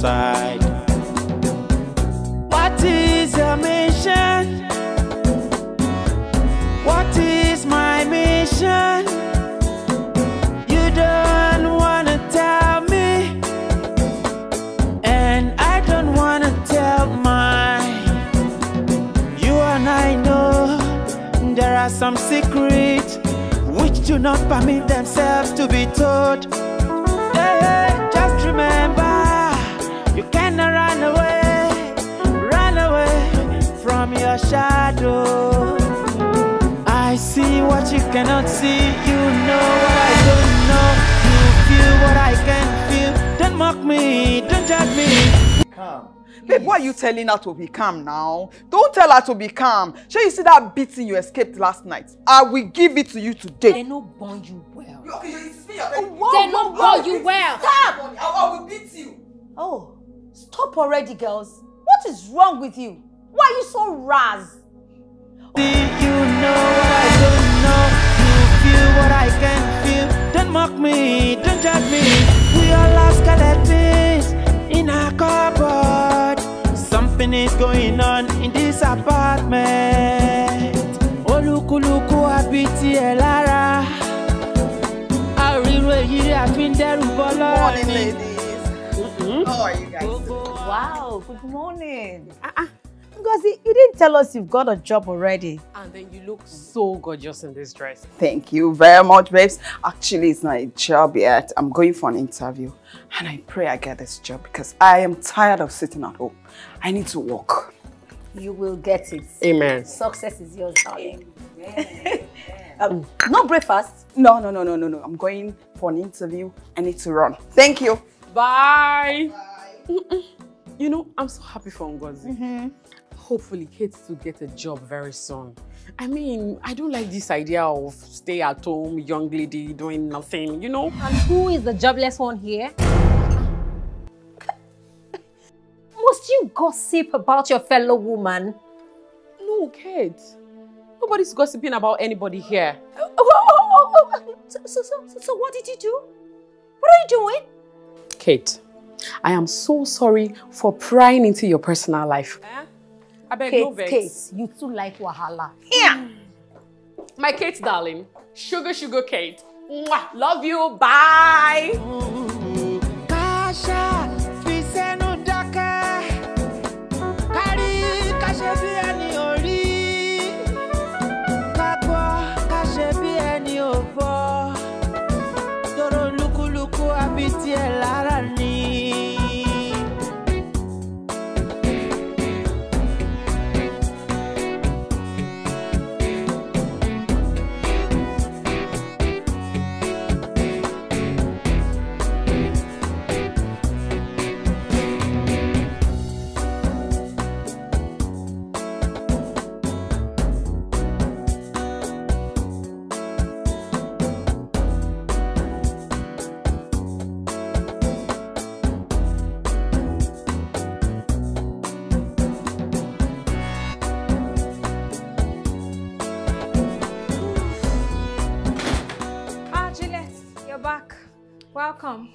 side. What is your mission? What is my mission? You don't wanna tell me, and I don't wanna tell mine. You and I know there are some secrets which do not permit themselves to be told. your shadow. I see what you cannot see. You know what I don't know. You feel what I can not feel. Don't mock me. Don't judge me. Calm. Babe, why are you telling her to be calm now? Don't tell her to be calm. Shall you see that beating you escaped last night? I will give it to you today. They know bond you well. okay, They know bond you well. Stop! I, I will beat you. Oh, stop already, girls. What is wrong with you? Why are you so razz? See, you know what I don't know. You feel what I can feel. Don't mock me, don't judge me. We all have scarlet things in our cupboard. Something is going on in this apartment. Olúkúlùkù àbí tiẹ̀ lára. Àríro èyí rẹ̀ àfi ń dẹ́rù bọ́ lọ́rọ̀ ni. Morning ladies. Mm-hmm. How are you guys? Wow, good morning. Uh-uh. Ngozi, you didn't tell us you've got a job already. And then you look so gorgeous in this dress. Thank you very much, babes. Actually, it's not a job yet. I'm going for an interview. And I pray I get this job because I am tired of sitting at home. I need to work. You will get it. Amen. Success is yours, darling. um, no breakfast? No, no, no, no, no, no. I'm going for an interview. I need to run. Thank you. Bye. Bye. You know, I'm so happy for Ngozi. Mm -hmm hopefully Kate to get a job very soon. I mean, I don't like this idea of stay at home, young lady doing nothing, you know? And who is the jobless one here? Must you gossip about your fellow woman? No, Kate. Nobody's gossiping about anybody here. Oh, oh, oh, so, so, so, so what did you do? What are you doing? Kate, I am so sorry for prying into your personal life. Eh? abeg no vex kate you too like wahala. Yeah. my kate darling sugar sugar kate Mwah. love you bye. Mm -hmm.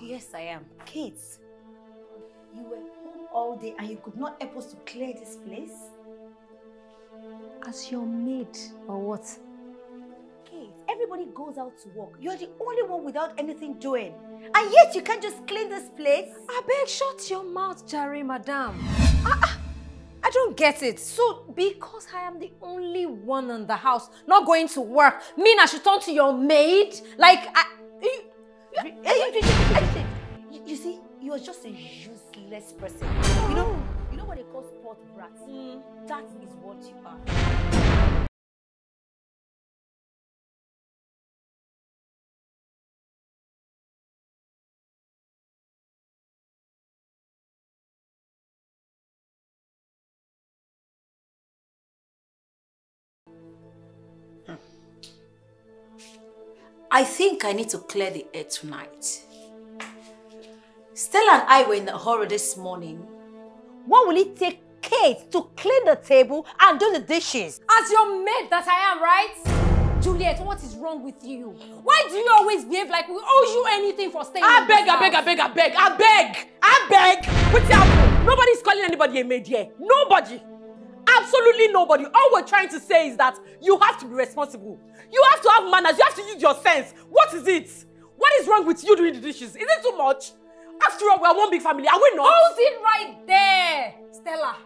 Yes, I am. Kate, you were home all day and you could not help us to clear this place? As your maid or what? Kate, everybody goes out to work. You're the only one without anything doing. And yet you can't just clean this place? I beg, shut your mouth, Jerry, madam. Ah, ah, I don't get it. So, because I am the only one in the house not going to work, mean I should turn to your maid? Like, I... Hey, you, you, you, you see, you are just a useless person. You know, you know what they call sport brats? Mm. That is what you are. I think I need to clear the air tonight. Stella and I were in a hurry this morning. What will it take Kate to clean the table and do the dishes? As your maid that I am, right? Juliet, what is wrong with you? Why do you always behave like we owe you anything for staying I beg, I beg, I beg, I beg, I beg, I beg. Put What's up? Nobody's calling anybody a maid here. Nobody. Absolutely nobody. All we're trying to say is that you have to be responsible. You have to have manners. You have to use your sense. What is it? What is wrong with you doing the dishes? Is it too much? After all, we are one big family, are we not? Hold it right there, Stella.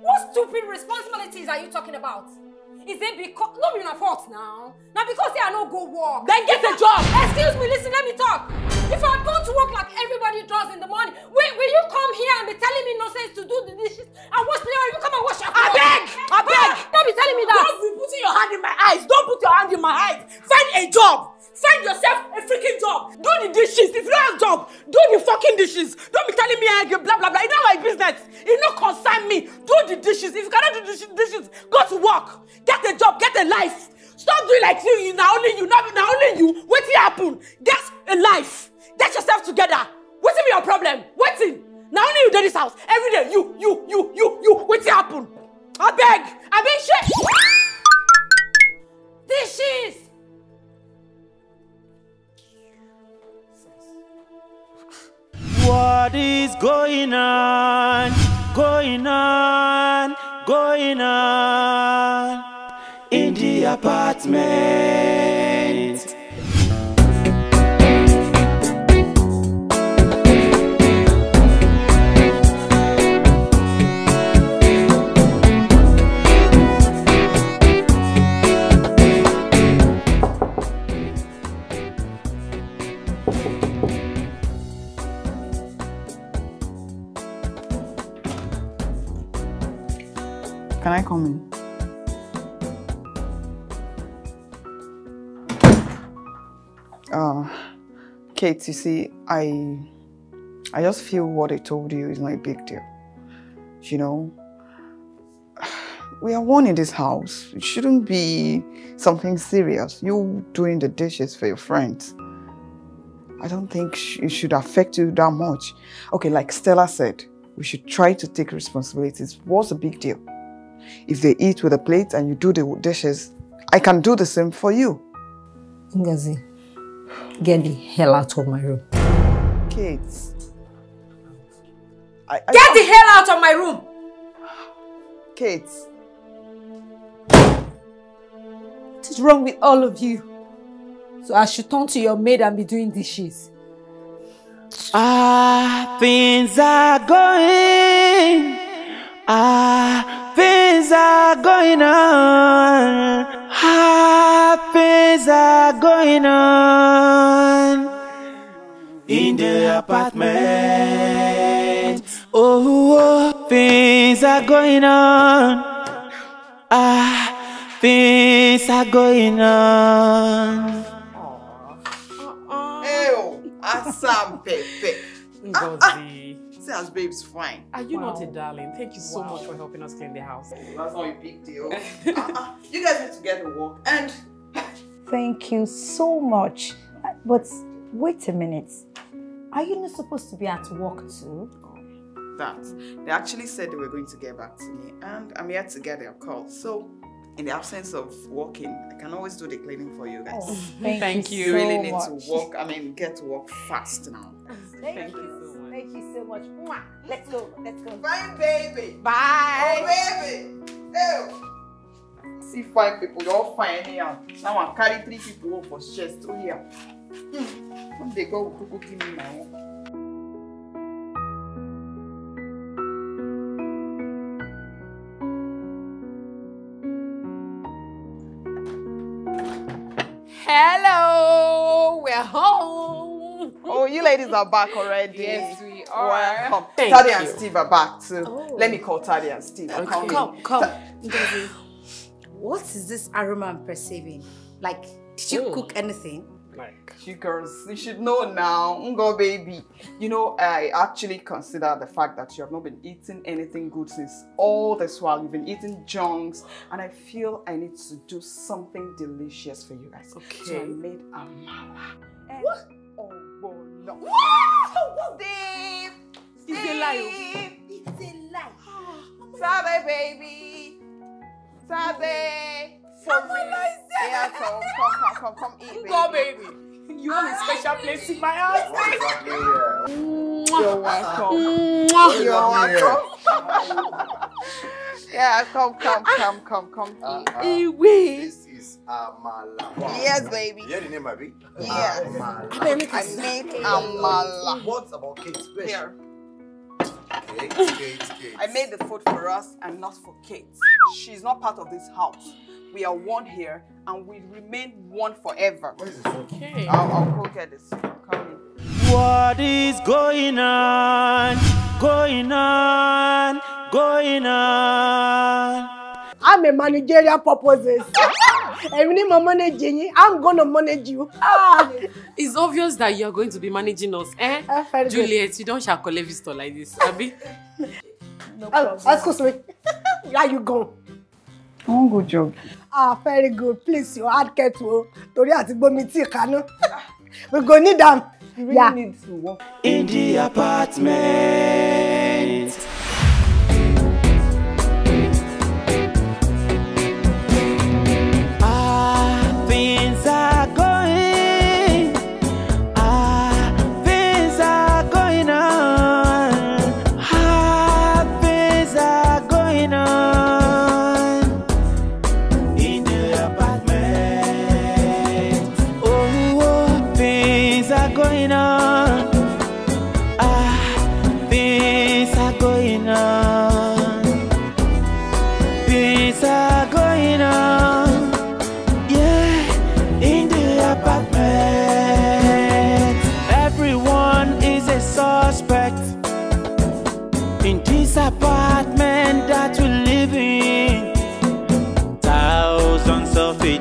What stupid responsibilities are you talking about? Is it because no be na fault now? Now because say are no go work. Then get a job. Excuse me, listen. happen get a life get yourself together What's your problem What's Now only you do this house every day you you you you you wetin happen abeg shit. This dishes. What is going on? Going on? Going on? In the apartment. Uh, Kate, you see, I, I just feel what I told you is not a big deal. You know, we are one in this house. It shouldn't be something serious. You doing the dishes for your friends. I don't think it should affect you that much. Okay, like Stella said, we should try to take responsibilities. What's a big deal? If they eat with a plate and you do the dishes, I can do the same for you. Ngazi, Get the hell out of my room. Kate. I, I Get the hell out of my room! Kate. What is wrong with all of you? So I should turn to your maid and be doing dishes. Ah, things are going. Ah, things are going on. Ah, things are going on the apartment. Oh, oh, things are going on. Ah, things are going on. Oh, Assam Pepe. Ah, ah. See, as babe's fine. Are you wow. not a darling? Thank you so wow. much for helping us clean the house. That's not a big deal. uh, you guys need to get a walk and... Thank you so much. But wait a minute. Are you not supposed to be at work too? that. They actually said they were going to get back to me and I'm here to get their call. So in the absence of working, I can always do the cleaning for you guys. Oh, thank, thank, you. you so really need much. to work. I mean, get to work fast now. Thank, thank you. you so much. Thank you so much. Let's go. Let's go. Bye, baby. Bye. Oh, baby. Ew. See five people, you're all fine here. Now I carry three people for chest through here go, Hello, we're home. Oh, you ladies are back already. Yes, we are. Welcome. Thank Taddy you. and Steve are back too. Oh. Let me call Taddy and Steve. Okay. Come, come, come. what is this aroma I'm perceiving? Like, did you Ooh. cook anything? Like you girls, you should know now, Ngo baby. You know, I actually consider the fact that you have not been eating anything good since all this while. You've been eating junks, and I feel I need to do something delicious for you guys. Okay. So I made a mala. what? Oh, no. What? Steve! Steve! It's a lie. Oh. It's a lie. Sabe, baby. Sabe. Come, come, come, come, eat, baby. Go, baby. You have a special place in my heart. You're welcome. You're welcome. yeah, come, come, come, come, come. Uh, uh, this is Amala. Yes, baby. You hear the name, baby? Yes. Amala. Amala. What about Kate? Where Kate, I made the food for us and not for Kate. She's not part of this house. We are one here and we remain one forever. this? Okay. I'll, I'll go get this. Come in. What is going on? Going on? Going on? I'm a managerial purposes. èmi ni manage yín i'm gonna manage you. Ah. it's obvious that you are going to be managing us eh? uh, Juliet good. you don ṣàkọlẹ visitor like this abi. no Uh, excuse me where you go. one good job. ah very good please your hard get o torí àti gbomi tí kaná we go need them. We really yeah. need to work. in the apartment.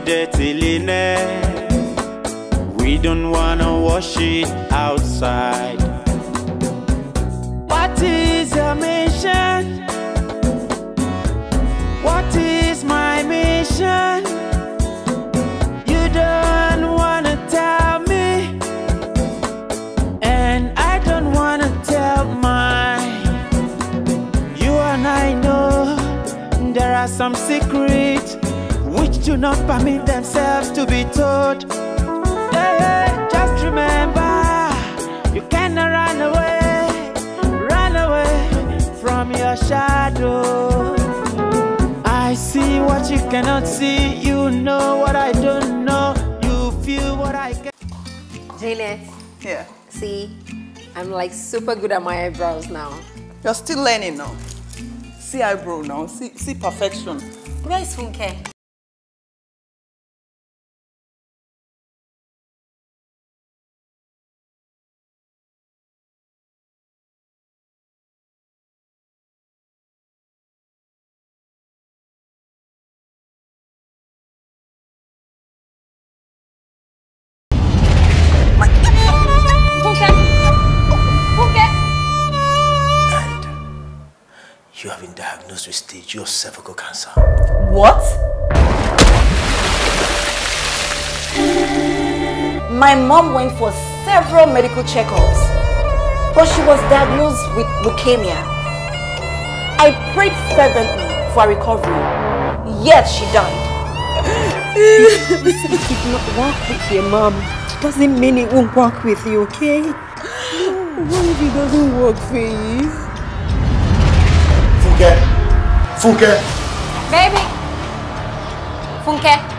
Dirty linen, We don't wanna wash it outside. What is your mission? What is my mission? You don't wanna tell me, and I don't wanna tell mine. You and I know there are some secrets which do not permit themselves to be taught. Hey, hey, just remember, you cannot run away, run away from your shadow. I see what you cannot see, you know what I don't know, you feel what I can. Janet. Yeah. See, I'm like super good at my eyebrows now. You're still learning now. See eyebrow now, see, see perfection. Where is Funke? diagnosed with stage two of cervical cancer. What? My mom went for several medical checkups, but she was diagnosed with leukemia. I prayed fervently for recovery, yet she died. Listen, it did not work with your mom. It doesn't mean it won't work with you, okay? What if it doesn't work for you? Funke. Funke. Baby. Funke.